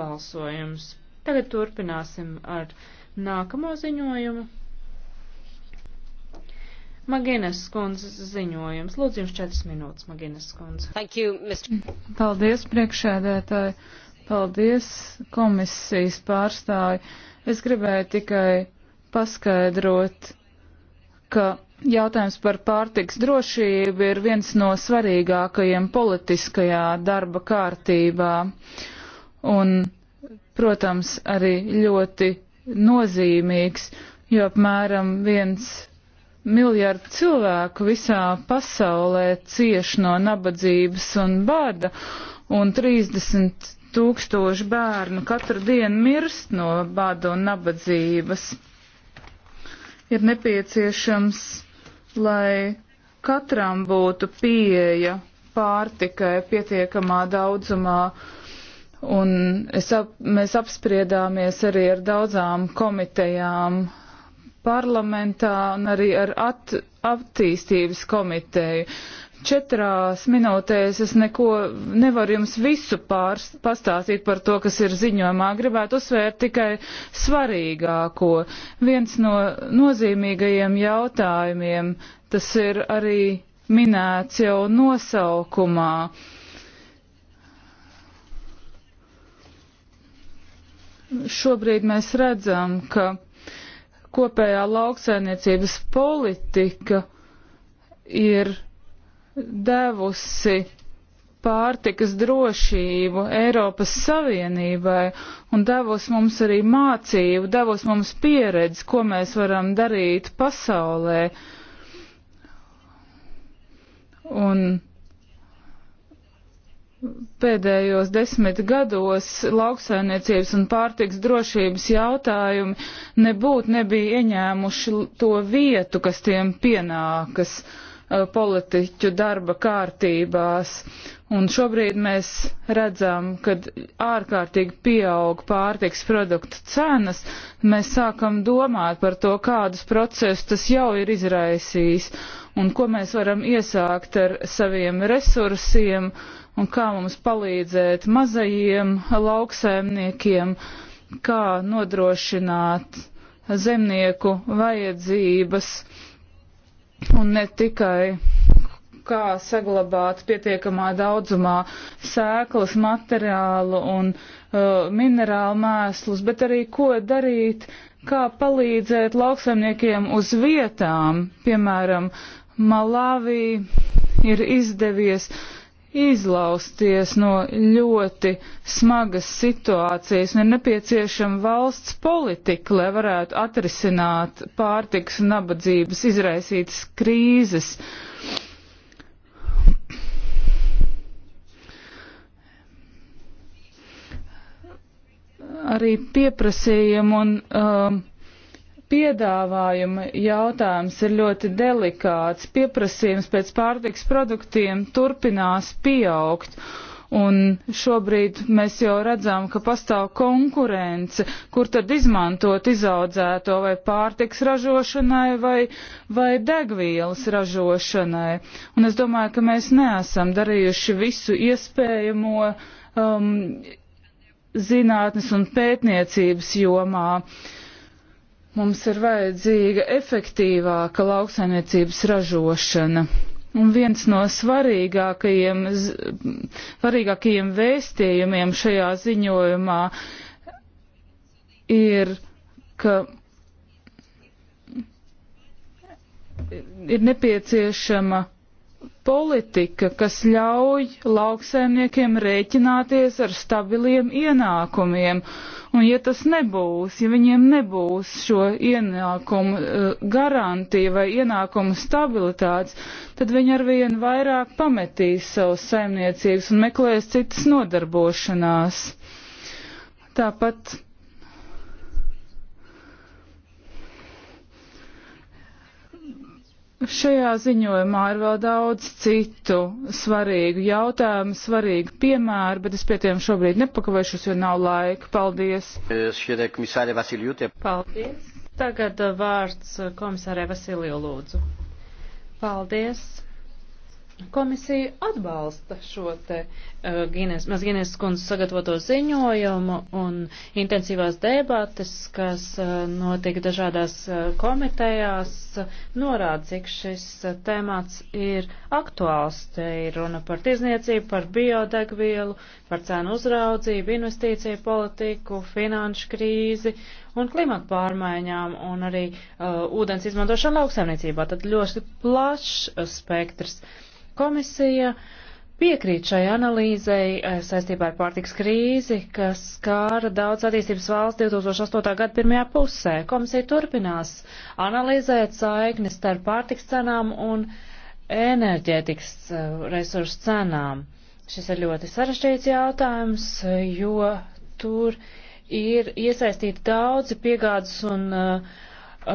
balsojums. Tagad turpināsim ar nākamo ziņojumu. Magines skundzes ziņojums. Lūdzu, jums četras minūtes, Magines skundze. Thank you, Mr. Paldies, priekšēdētāji. Paldies, komisijas pārstāji. Es gribēju tikai paskaidrot, ka jautājums par pārtiks drošību ir viens no svarīgākajiem politiskajā darba kārtībā. Uh, un, protams, arī ļoti nozīmīgs, jo apmēram viens miljardu cilvēku visā pasaulē cieš no nabadzības un bada, un 30 tūkstoši bērnu katru dienu mirst no bada un nabadzības. Ir nepieciešams, lai katram būtu pieeja pārtikai pietiekamā daudzumā, Un ap, mēs apspriedāmies arī ar daudzām komitejām parlamentā un arī ar at, attīstības komiteju. Četrās minūtēs es neko nevaru jums visu pārs, pastāstīt par to, kas ir ziņojumā. Gribētu uzsvērt tikai svarīgāko. Viens no nozīmīgajiem jautājumiem, tas ir arī minēts jau nosaukumā. Uh, Šobrīd mēs redzam, ka kopējā lauksainiecības politika ir devusi pārtikas drošību Eiropas Savienībai un devus mums arī mācību, devus mums pieredzi, ko mēs varam darīt pasaulē. Un pēdējos desmit gados lauksainiecības un pārtiks drošības jautājumi nebūtu nebija ieņēmuši to vietu, kas tiem pienākas uh, politiķu darba kārtībās. Un šobrīd mēs redzam, kad ārkārtīgi pieaug pārtiks produktu cenas, mēs sākam domāt par to, kādus procesus tas jau ir izraisījis. Uh, un ko mēs varam iesākt ar saviem resursiem un kā mums palīdzēt mazajiem lauksaimniekiem, kā nodrošināt zemnieku vajadzības un ne tikai kā saglabāt pietiekamā daudzumā sēklas materiālu un uh, minerālu mēslus, bet arī ko darīt, kā palīdzēt lauksaimniekiem uz vietām, piemēram, Malavī ir izdevies izlausties no ļoti smagas situācijas un ir nepieciešama valsts politika, lai varētu atrisināt pārtiks un nabadzības izraisītas krīzes. Arī pieprasījumu un um, piedāvājuma jautājums ir ļoti delikāts. Pieprasījums pēc pārtiks produktiem turpinās pieaugt. Un šobrīd mēs jau redzam, ka pastāv konkurence, kur tad izmantot izaudzēto vai pārtiks ražošanai vai, vai degvielas ražošanai. Un es domāju, ka mēs neesam darījuši visu iespējamo um, zinātnes un pētniecības jomā. Uh, Mums ir vajadzīga efektīvāka lauksaimniecības ražošana. Un viens no svarīgākajiem, svarīgākajiem vēstījumiem šajā ziņojumā ir, ka ir nepieciešama politika, kas ļauj lauksaimniekiem rēķināties ar stabiliem ienākumiem. Un ja tas nebūs, ja viņiem nebūs šo ienākumu eh, garantija vai ienākumu stabilitātes, tad viņi arvien vairāk pametīs savus saimniecības un meklēs citas nodarbošanās. Tāpat Šajā ziņojumā ir vēl daudz citu svarīgu jautājumu, svarīgu piemēru, bet es pie tiem šobrīd nepakavēšos, jo nav laika. Paldies! Paldies! Tagad uh, vārds uh, komisārai Vasiliju lūdzu. Paldies! Komisija atbalsta šo te uh, Gines, Gines kundzes sagatavoto ziņojumu un intensīvās debates, kas uh, eh, notiek dažādās uh, komitejās, uh, norāda, cik šis uh, temats ir aktuāls. Te ir runa par tirzniecību, par biodegvielu, par cēnu uzraudzību, investīciju politiku, finanšu krīzi un klimatu pārmaiņām un arī uh, ūdens izmantošanu lauksaimniecībā. Tad ļoti plašs spektrs. Uh, Komisija piekrīt šai analīzei eh, saistībā ar pārtiks krīzi, kas skāra daudz attīstības valsts 2008. gada pirmajā pusē. Komisija turpinās analizēt saiknes starp pārtiks cenām un enerģētikas eh, resursu cenām. Šis ir ļoti sarežģīts jautājums, jo tur ir iesaistīti daudzi piegādes un eh,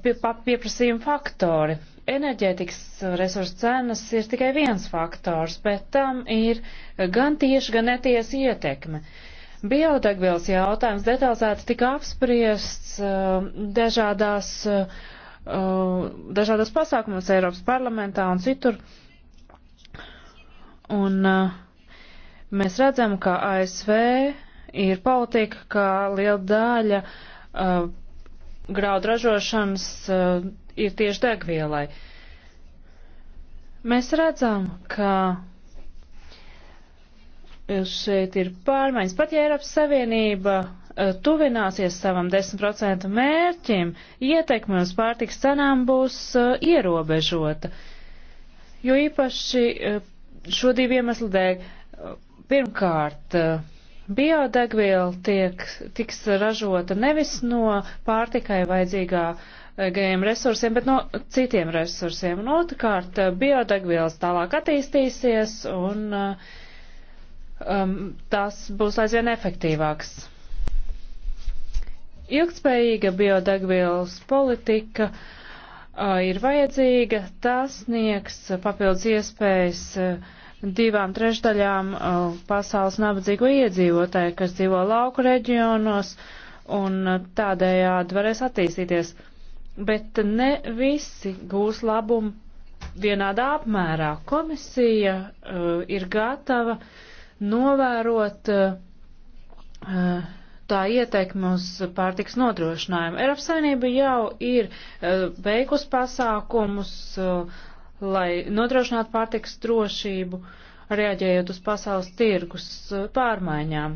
pie, pieprasījuma faktori enerģētikas resursu cenas ir tikai viens faktors, bet tam ir gan tieši, gan netiesa ietekme. Biodegvielas jautājums detalizēti tika apspriests uh, dažādās, uh, dažādās pasākumos Eiropas parlamentā un citur. Un uh, mēs redzam, ka ASV ir politika, ka liela daļa uh, graudu ražošanas uh, ir tieši degvielai. Mēs redzam, ka šeit ir pārmaiņas. Pat ja Eiropas Savienība e, tuvināsies savam 10% mērķim, ietekme uz pārtiks cenām būs e, ierobežota. Jo īpaši e, šo divu iemeslu dēļ. Pirmkārt, biodegviela tiek, tiks ražota nevis no pārtikai vajadzīgā gajiem resursiem, bet no citiem resursiem. Un otrkārt, eh, biodegvielas tālāk attīstīsies un eh, um, tas būs aizvien efektīvāks. Ilgtspējīga biodegvielas politika uh, ir vajadzīga, tas sniegs papildus iespējas uh, divām trešdaļām uh, pasaules nabadzīgo iedzīvotāju, kas dzīvo lauku reģionos, un tādējādi varēs attīstīties bet ne visi gūs labumu vienādā apmērā. Komisija uh, ir gatava novērot uh, uh tā ieteikumu uz pārtiks nodrošinājumu. Eiropas Savienība jau ir uh, veikus pasākumus, uh, lai nodrošinātu pārtiks drošību, reaģējot uz pasaules tirgus uh, pārmaiņām.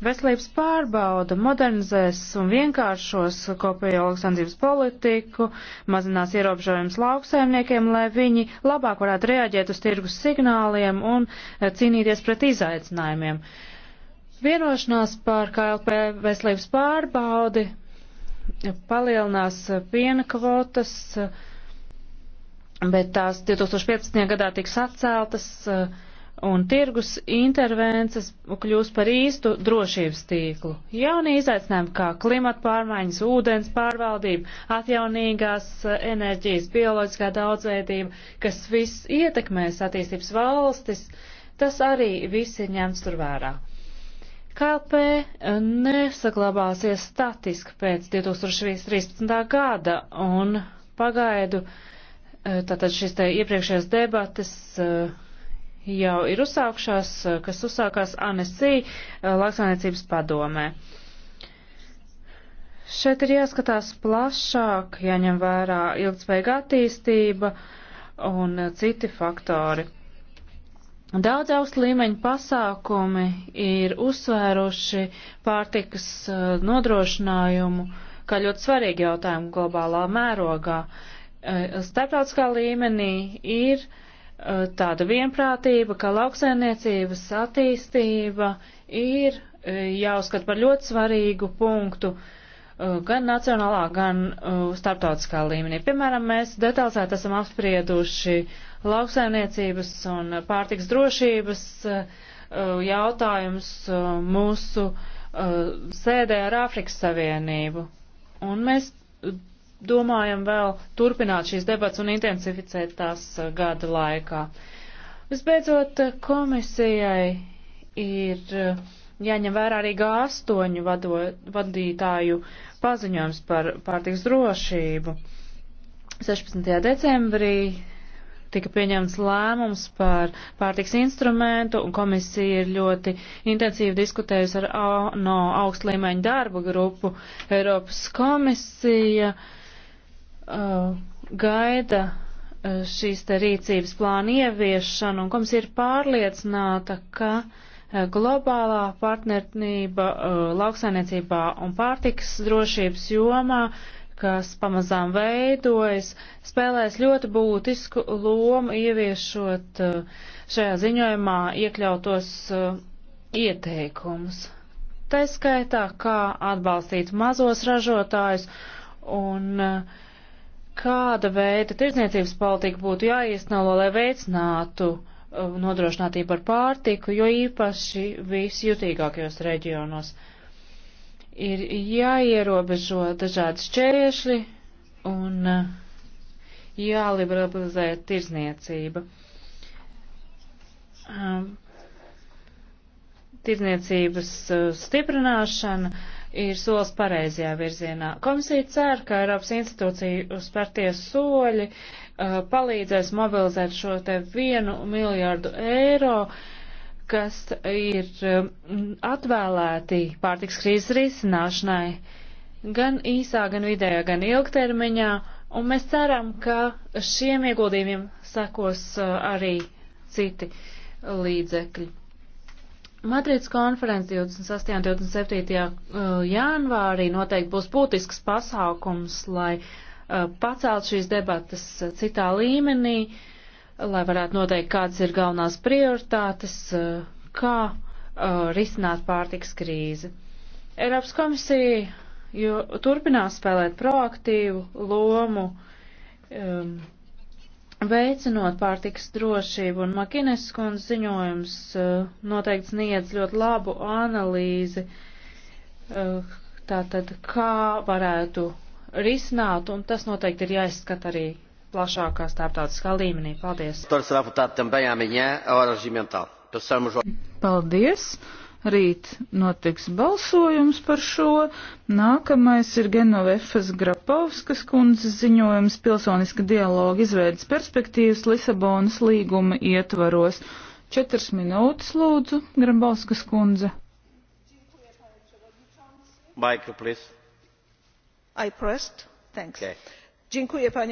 Veselības pārbauda modernizēs un vienkāršos kopējo lauksaimniecības politiku, mazinās ierobežojums lauksaimniekiem, lai viņi labāk varētu reaģēt uz tirgus signāliem un eh, cīnīties pret izaicinājumiem. Vienošanās par KLP veselības pārbaudi palielinās eh, piena kvotas, eh, bet tās 2015. gadā tiks atceltas. Uh, un tirgus intervences kļūs par īstu drošības tīklu. Jaunie izaicinājumi kā klimata pārmaiņas, ūdens pārvaldība, atjaunīgās eh, enerģijas, bioloģiskā daudzveidība, kas viss ietekmēs attīstības valstis, tas arī viss ir ņemts tur vērā. KLP eh, nesaglabāsies statiski pēc 2013. gada un pagaidu, eh, tātad šis te iepriekšējās debates, uh, jau ir uzsākšās, kas uzsākās ANSI eh, lauksaimniecības padomē. Šeit ir jāskatās plašāk, jāņem vērā ilgspējīga attīstība un citi faktori. Daudz augstu līmeņu pasākumi ir uzsvēruši pārtikas eh, nodrošinājumu kā ļoti svarīgu jautājumu globālā mērogā. Eh, starptautiskā līmenī ir uh, Eh, tāda vienprātība, ka lauksaimniecības attīstība ir eh, jāuzskata par ļoti svarīgu punktu eh, gan nacionālā, gan starptautiskā līmenī. Piemēram, mēs detalizēti esam apsprieduši lauksaimniecības un pārtiks drošības jautājumus mūsu sēdē ar Āfrikas Savienību. Un mēs domājam vēl turpināt šīs debats un intensificēt tās eh, gada laikā. Visbeidzot, eh, komisijai ir eh, jāņem vērā arī G8 vado, vadītāju paziņojums par pārtiks drošību. 16. decembrī tika pieņemts lēmums par pārtiks instrumentu, un komisija ir ļoti intensīvi diskutējusi ar ANO augstlīmeņu darba grupu Eiropas komisija. Uh, uh, gaida uh, šīs te rīcības plāna ieviešanu, un komisija ir pārliecināta, ka uh, globālā partnerība uh, lauksainiecībā un pārtikas drošības jomā uh, kas pamazām veidojas, spēlēs ļoti būtisku lomu ieviešot uh, šajā ziņojumā iekļautos uh, ieteikumus. Tā skaitā, kā atbalstīt mazos ražotājus un uh, kāda veida tirdzniecības politika būtu jāiesnalo, lai veicinātu uh, nodrošinātību ar pārtiku, jo īpaši visjutīgākajos reģionos. Ir jāierobežo dažādi šķēršļi un uh, jāliberalizē tirdzniecība. Um, tirdzniecības uh, stiprināšana ir solis pareizajā virzienā. Komisija cer, ka Eiropas institūciju spērties soļi uh, palīdzēs mobilizēt šo te vienu miljardu eiro, kas ir um, atvēlēti pārtiks krīzes risināšanai gan īsā, gan vidējā, gan ilgtermiņā, un mēs ceram, ka šiem ieguldījumiem sekos uh, arī citi līdzekļi. Madrids konference 26. un 27. Uh, janvārī noteikti būs būtisks pasākums, lai uh, pacelt šīs debatas uh, citā līmenī, lai varētu noteikt, kādas ir galvenās prioritātes, kā risināt pārtiks krīzi. Eiropas komisija jo, turpinās spēlēt proaktīvu lomu. Um, Veicinot pārtiks drošību un Makines skundas ziņojums eh, noteikti sniedz ļoti labu analīzi, eh, tātad kā varētu risināt, un tas noteikti ir jāizskata arī plašākā starptautiskā līmenī. Paldies! Paldies! Rīt notiks balsojums par šo. Nākamais ir Genovefas Grapauskas kundzes ziņojums pilsoniska dialoga izveidas perspektīvas Lisabonas līguma ietvaros. Četras minūtes lūdzu, Grabauskas kundze. Micro, please. I pressed. Thanks. Okay. Dziękuję, panie